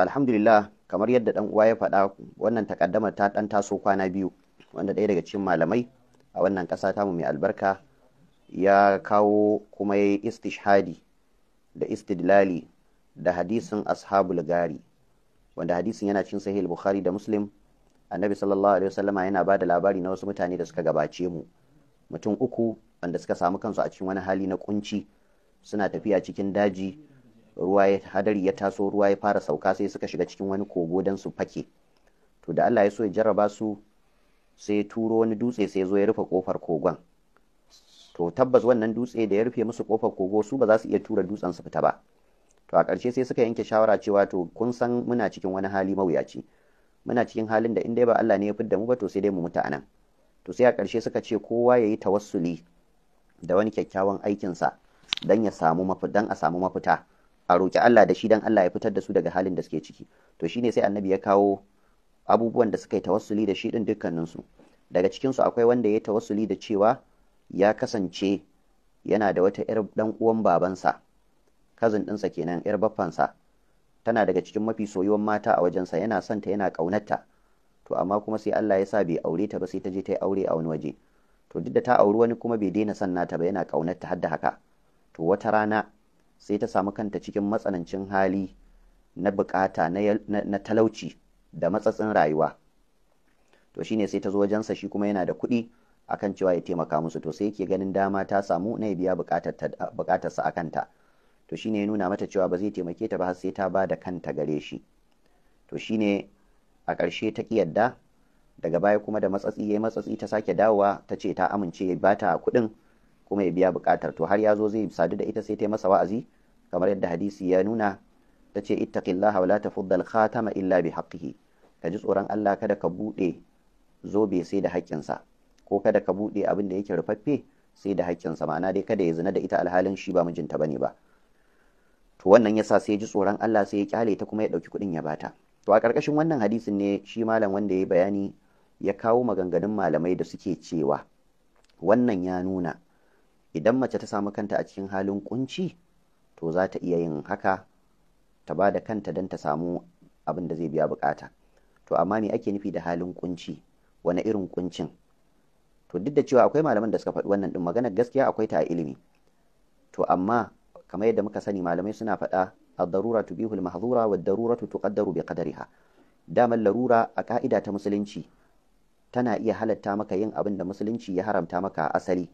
alhamdulillah kamar yadda dan uwa ya faɗa wannan takaddama ta dan taso kwana biyu wanda ɗaya daga cikin malamai a wannan ƙasa ta mu mai albarka ya kawo kuma ya yi istishhadi da istidlali da hadisin ashabul gari wanda hadisin yana cin sahih bukhari da muslim annabi sallallahu alaihi wasallama yana ba da labari na wasu mutane da suka gabace mu mutum uku wanda suka samu kansu a cikin wani hali na kunci suna tafiya cikin daji ruwa ya hadari ya taso ruwa ya fara sauka sai suka shiga cikin wani kogo don su fake to da Allah ya so ya jarraba su sai ya turo wani dutse sai ya zo ya rufe kofar kogon to tabbas wannan dutse da ya rufe musu kofar kogo su ba za su iya tura dutsen su fita ba to a ƙarshe sai suka yanke shawara cewa to kun san muna cikin wani hali mawuyaci muna cikin halin da in dai ba Allah ne ya fidda mu ba to sai dai mu mutu anan to sai a ƙarshe suka ce kowa ya yi tawassuli da wani kyakkyawan aikinsa don ya a samu mafita a roƙi Allah da shi dan Allah ya fitar da su daga halin da suke ciki to shine sai annabi ya kawo abubuwan da suka yi tawassuli da shi din dukkanin su daga cikin su akwai wanda ya yi tawassuli da cewa ya kasance yana da wata yar dan uwan babansa kazin ɗinsa kenan yar baffansa tana daga cikin mafi soyuwan mata a wajensa yana son ta yana ƙaunarta to amma kuma sai Allah ya sa bai aure ta ba sai ta je ta yi aure a wani waje to duk da ta auri wani kuma bai daina son nata ba yana ƙaunarta har da haka to wata rana sai ta samu kanta cikin matsanancin hali na bukata na talauci da matsatsin rayuwa to shine sai ta zo wajensa shi kuma yana da kuɗi akan cewa ya taimaka musu to sai yake ganin dama ta samu na ya biya bukatarsa a kanta to shine ya nuna mata cewa ba zai taimake ta ba har sai ta ba da kanta gare shi to shine a ƙarshe ta ƙi yadda daga baya kuma da matsatsi ya matsatsi ta sake dawowa ta ce ta amince ya bata kuɗin kuma ya biya bukatar to har ya zo zai sadu da ita sai ta masa wa'azi kamar yadda hadisi ya nuna ta ce ittaqillaha wa la tafudda khatama illa bi haqqihi ka ji tsoron Allah kada ka bude zobe sai da sa, ko kada ka bude abin da yake rufaffe sai da sa. ma'ana dai kada ya zina da ita alhalin shi ba mijinta bane ba to wannan yasa sai ya ji tsoron Allah sai ya kyale ta kuma ya dauki kuɗin ya bata to a ƙarƙashin wannan hadisin ne shi malam wanda ya bayani ya kawo maganganun malamai da suke cewa wannan ya nuna idan mace ta samu kanta a cikin halin kunci to za ta iya yin haka ta ba da kanta don ta samu abin da zai biya bukata to amma me ake nufi da halin kunci wani irin kuncin to duk da cewa akwai malaman da suka faɗi wannan din magana gaskiya akwai ta a ilimi to amma kamar yadda muka sani malamai suna faɗa a darura tubihul wa darura tu tuqaddaru qadariha daman larura a ka'ida ta musulunci tana iya halatta maka yin abin da musulunci ya haramta maka a asali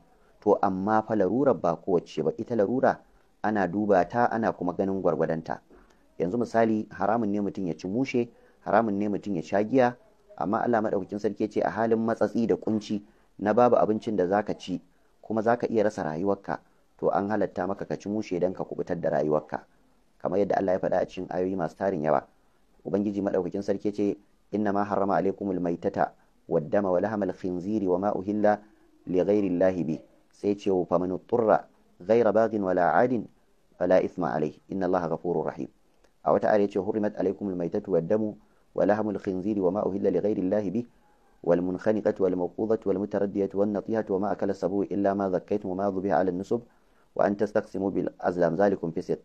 to amma fa larurar ba kowace ba ita larura ana duba ta ana kuma ganin gwargwadonta yanzu misali haramun ne mutum ya ci mushe haramun ne mutum ya sha giya amma Allah madaukakin sarki ce a halin matsatsi da kunci na babu abincin da zaka ci kuma zaka iya rasa rayuwarka to an halatta maka ka ci mushe dan ka kubutar da rayuwarka kamar yadda Allah ya faɗa a cikin ayoyi masu tarin yawa ubangiji madaukakin sarki ce inna ma harrama alaikumul maitata wa dama wa lahamal khinziri wa ma uhilla li ghairi llahi bi sai ce wa faman turra ghaira baghin wala adin fala isma alai inna allaha ghafurur rahim a wata ayar yace hurrimat alaikumul maitatu wad damu wa lahmul khinziri wa ma uhilla li ghairi allahi bih والمنخنقة والموقوضة والمتردية والنطيهة وما أكل السبوع إلا ما ذكيتم وما ذبح على النسب وأن تستقسموا بالأزلام ذلكم فسق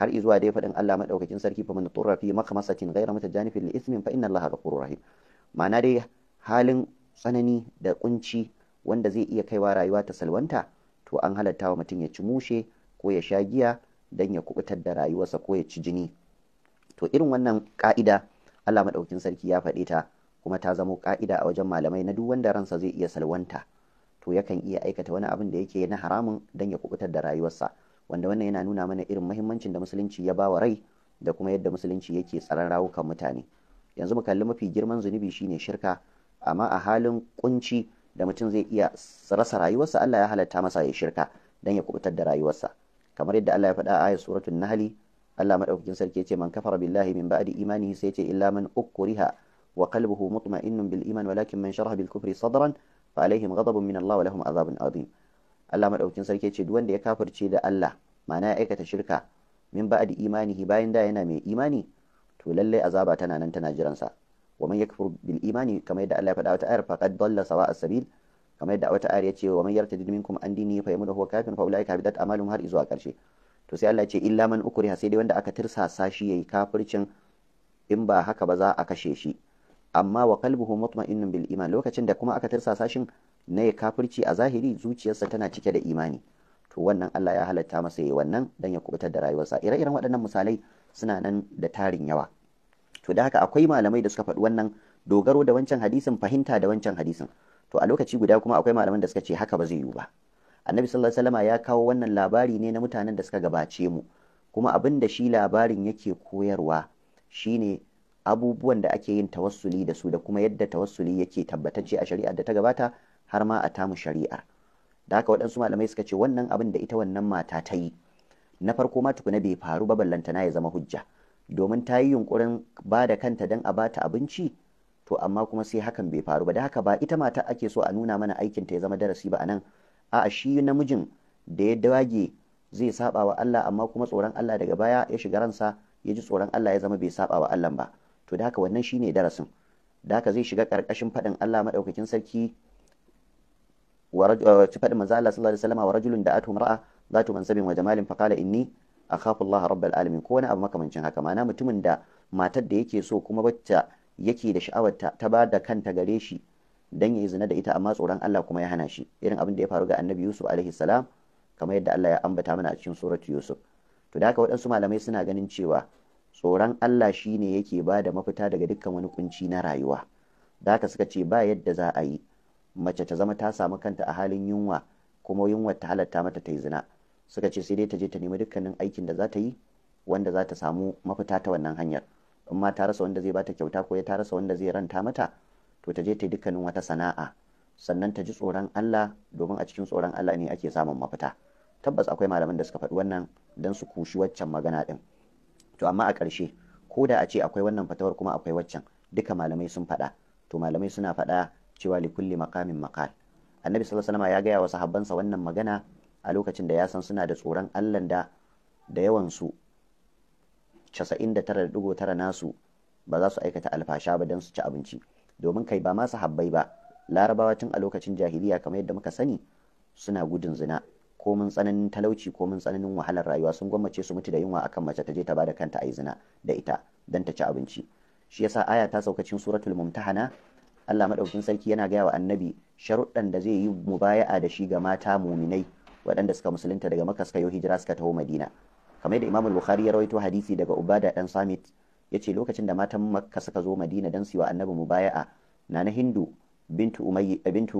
har izuwa dai faɗin Allah madaukakin sarki fa man turra fi maqmasatin ghayra mutajanifin li ismin fa inna Allaha ghafurur rahim ma'ana dai halin tsanani da kunci wanda zai iya kaiwa rayuwa ta salwanta to an halatta wa mutum ya ci mushe ko ya sha giya don ya kubutar da rayuwarsa ko ya ci jini to irin wannan ka'ida Allah madaukin sarki ya faɗe ta kuma ta zamo ka'ida a wajen malamai na duk wanda ransa zai iya salwanta to yakan iya aikata wani abin da yake na haramun don ya kubutar da rayuwarsa wanda wannan yana nuna mana irin mahimmancin da musulunci ya bawa rai da kuma yadda musulunci yake tsaron rawukan mutane yanzu mu kalli mafi girman zunubi shine shirka amma a halin kunci da mutum zai iya rasa rayuwarsa Allah ya halatta masa ya shirka dan ya kubutar da rayuwarsa kamar yadda Allah ya faɗa a ayat suratul nahli Allah madaukakin sarki ce man kafara billahi min ba'di imanihi sai yace illa man ukriha wa qalbuhu mutma'innun bil iman walakin man sharaha bil kufri sadran fa alaihim ghadabun min Allah wa lahum azabun azim Allah madaukakin sarki ce duk wanda ya kafirce da Allah ma'ana ya aikata shirka min ba'di imanihi bayan da yana mai imani to lallai azaba tana nan tana jiransa wa man yakfur bil imani kamar yadda Allah ya faɗa wata ayar faqad dalla sawa'a sabil kamar yadda wata ayar yace wa man yartadid minkum an dini fa yamudu huwa kafirun har zuwa karshe to sai Allah ya ce illa man ukriha sai dai wanda aka tirsasa shi yayi kafircin in ba haka ba za a kashe shi amma wa qalbuhu mutma'innun bil iman lokacin da kuma aka tirsasa shin na ya kafirci a zahiri zuciyarsa tana cike da imani to wannan Allah ya halatta masa yayi wannan dan ya kubutar da rayuwarsa ire-iren waɗannan misalai suna nan da tarin yawa to da haka akwai malamai da suka faɗi wannan dogaro da wancan hadisin fahimta da wancan hadisin to a lokaci guda kuma akwai malaman da suka ce haka ba zai yiwu ba annabi sallallahu alaihi wasallam ya kawo wannan labari ne na mutanen da suka gabace mu kuma abin da shi labarin yake koyarwa shine abubuwan da ake yin tawassuli da su da kuma yadda tawassuli yake tabbatacce a shari'ar da ta gabata har ma a tamu shari'ar da haka waɗansu malamai suka ce wannan abin da ita wannan mata ta yi na farko ma tukuna bai faru ba ballantana ya zama hujja domin ta yi yunkurin ba da kanta don a bata abinci to amma kuma sai hakan bai faru ba da haka ba ita mata ake so a nuna mana aikin ta ya zama darasi ba anan a'a shi namijin da ya dage zai saba wa Allah amma kuma tsoron Allah daga baya ya shiga ransa ya ji tsoron Allah ya zama bai saba wa Allah ba to da haka wannan shine darasin da haka zai shiga karkashin faɗin Allah madaukakin sarki wa eh, faɗin manzo Allah sallallahu alaihi wasallam wa rajulun da'atu mar'a zatu mansabin wa jamalin faqala inni kafin Allah rabbal alamin ko wani abu makamancin haka Mana mutumin da matar da yake so kuma bacca yake da sha'awar ta ba da kanta gare shi dan yi zina da ita amma tsoron Allah kuma ya hana shi irin abin da ya faru ga Annabi Yusuf alaihi salam kamar yadda Allah ya ambata mana a cikin suratu Yusuf to da haka waɗansu malamai suna ganin cewa tsoron Allah shine yake ba da mafita daga dukkan wani kunci na rayuwa da haka suka ce ba yadda za a yi mace ta zama ta samu kanta a halin yunwa kuma yunwa ta halatta mata ta yi zina suka ce sai dai ta je ta nemi dukkanin aikin da za ta yi wanda za ta samu mafita ta wannan hanyar in ma ta rasa wanda zai bata kyauta ko ya ta rasa wanda zai ranta mata to ta je ta yi dukkanin wata sana'a sannan ta ji tsoron Allah domin a cikin tsoron Allah ne ake samun mafita tabbas akwai malaman da suka faɗi wannan dan su kushi waccan magana din. to amma a ƙarshe ko da a ce akwai wannan fatawar kuma akwai waccan duka malamai sun faɗa to malamai suna faɗa cewa li kulli maqamin maqal annabi sallallahu alaihi wasallam ya gaya wa sahabbansa wannan magana a lokacin da ya san suna da tsoron allan da da yawansu 99.9 nasu ba za su aikata alfasha ba don su ci abinci domin kai ba masu habbai ba larabawa tun a lokacin jahiliya kamar yadda muka sani suna gudun zina ko mun tsananin talauci ko mun tsananin wahalar rayuwa sun gwammace su mutu da yunwa akan mace ta je ta bada kanta yi zina da ita don ta ci abinci shi yasa aya ta saukacin suratul mumtahana Allah madaukin sarki yana gaya wa annabi sharuɗɗan da zai yi mubaya'a da shi ga mata muminai waɗanda suka musulunta daga makka suka yi hijira suka taho madina kamar yadda imamul bukhari ya rawaito hadisi daga ubada dan samit ce lokacin da matan makka suka zo madina dan su yi wa annabi mubaya'a na na hindu bintu umayya eh, bintu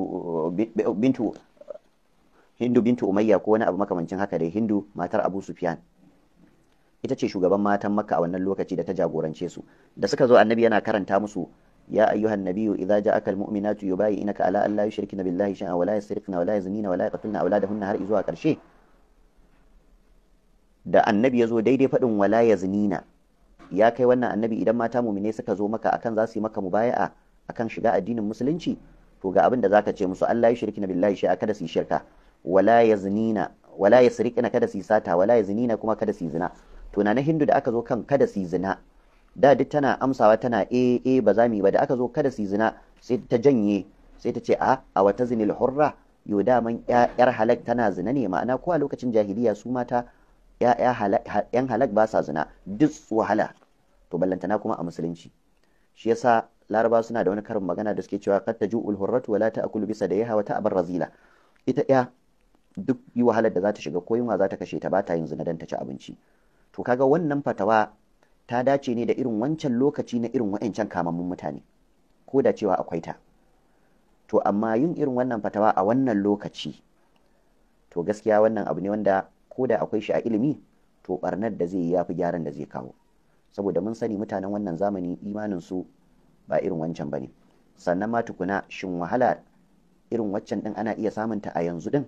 bintu hindu bintu umayya ko wani abu makamancin haka dai hindu matar abu sufyan ita ce shugaban matan makka a wannan lokaci da ta jagorance su da suka zo annabi yana karanta musu يا أيها النبي إذا جاءك المؤمنات يبايعنك على أن لا يشركن بالله شيئا ولا يسرقن ولا يزنين ولا يقتلن أولادهن har izuwa ƙarshe da annabi ya zo daidai faɗin wala ya ya kai wannan annabi idan mata muminai suka zo maka akan za su yi maka mubaya'a akan shiga addinin musulunci to ga abin da zaka ce musu Allah ya shirkina billahi shay'a kada su shirka wala ya wala kada su sata wala ya kuma kada su zina to na hindu da aka zo kan kada su zina da duk tana amsawa tana eh eh ba za mu yi ba da aka zo kada su zina sai ta janye sai ta ce a ah, a wata zinil hurra yo man yar halak tana zina ne ma'ana ko a lokacin jahiliya su mata yan halak ba sa zina duk wahala to ballantana kuma a musulunci shi yasa laraba suna da wani karin magana da suke cewa qad taju'ul hurratu wa la ta'kulu bisa da yaha wa ta'bar razila ita ya duk yi wahalar da za ta shiga ko yunwa za ta kashe ta ba ta yin zina dan ta ci abinci to kaga wannan fatawa ta dace ne da irin wancan lokaci na irin wa'ancan kamammun mutane ko da cewa akwai ta to amma yin irin wannan fatawa a wannan lokaci to gaskiya wannan abu ne wanda ko da akwai shi a ilimi to barnar da zai yi ya fi gyaran da zai kawo saboda mun sani mutanen wannan zamani imanin su ba irin wancan bane sannan ma tukuna shin wahala irin waccan din ana iya samun ta a yanzu din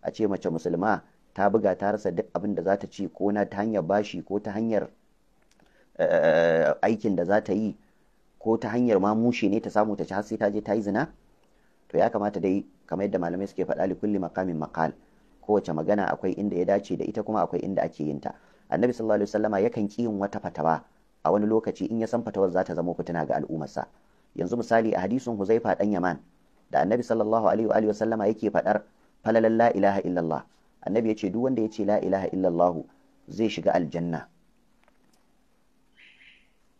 a ce mace musulma ta buga ta rasa duk abin da za ta ci ko na ta hanyar bashi ko ta hanyar Eh, aikin da za ta yi ko ta hanyar ma mushe ne ta samu ta ci har sai ta je ta yi zina to ya kamata dai kamar yadda malamai suke faɗa li kulli maqamin maqal kowace magana akwai inda ya dace da ita kuma akwai inda ake yin ta annabi sallallahu alaihi wasallama yakan ki yin wata fatawa a wani lokaci in ya san fatawar za ta zama fitina ga al'ummarsa yanzu misali a hadisin huzaifa dan yaman da annabi sallallahu alaihi wa alihi wasallama yake faɗar falalan la ilaha illallah annabi ya ce duk wanda ya ce la ilaha illallah zai shiga aljanna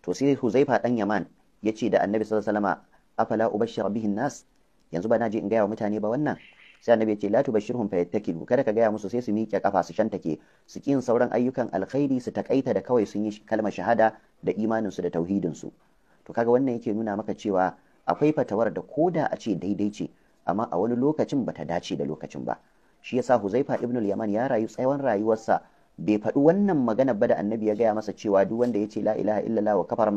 to sai Huzaifa dan Yaman yace da Annabi sallallahu alaihi wasallama afala ubashshira bihin nas yanzu ba na je in gaya wa mutane ba wannan sai annabi ce la tubashshirhum yattakilu kada ka gaya musu sai su miƙe kafa su shantake su kin sauran ayyukan alkhairi su takaita da kawai sun yi kalmar shahada da imanin su da tauhidin su to kaga wannan yake nuna maka cewa akwai fatawar da koda a ce daidai ce amma a wani lokacin bata dace da lokacin ba shi yasa Huzaifa ibn yaman ya rayu tsawon rayuwarsa bai faɗi wannan magana ba da annabi ya gaya masa cewa duk wanda ya ce la ilaha illallah wa kafar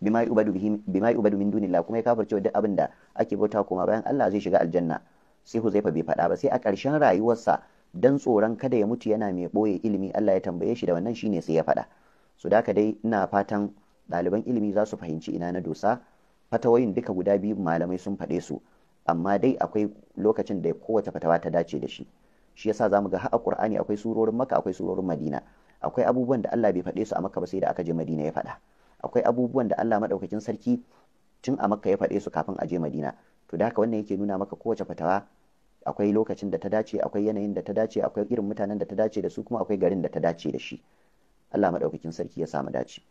bima yu'badu yu'badu min dunillah kuma ya kafar cewa duk abin da ake bauta kuma bayan Allah zai shiga aljanna sai Huzaifa bai faɗa ba sai a ƙarshen rayuwarsa dan tsoron kada ya mutu yana mai ɓoye ilimi Allah ya tambaye shi da wannan shine sai ya faɗa so da dai ina fatan ɗaliban ilimi za su fahimci ina na dosa fatawoyin duka guda biyu malamai sun faɗe su amma dai akwai lokacin da kowace fatawa ta dace da shi shi yasa mu ga har a Qur'ani akwai surorin Makka akwai surorin Madina akwai abubuwan da Allah bai faɗe su a Makka ba sai da aka je Madina ya faɗa akwai abubuwan da Allah maɗaukakin sarki tun a Makka ya faɗe su kafin a je Madina to da haka wannan yake nuna maka kowace fatawa akwai lokacin da ta dace akwai yanayin da ta dace akwai irin mutanen da ta dace da su kuma akwai garin da ta dace da shi Allah maɗaukakin sarki ya samu dace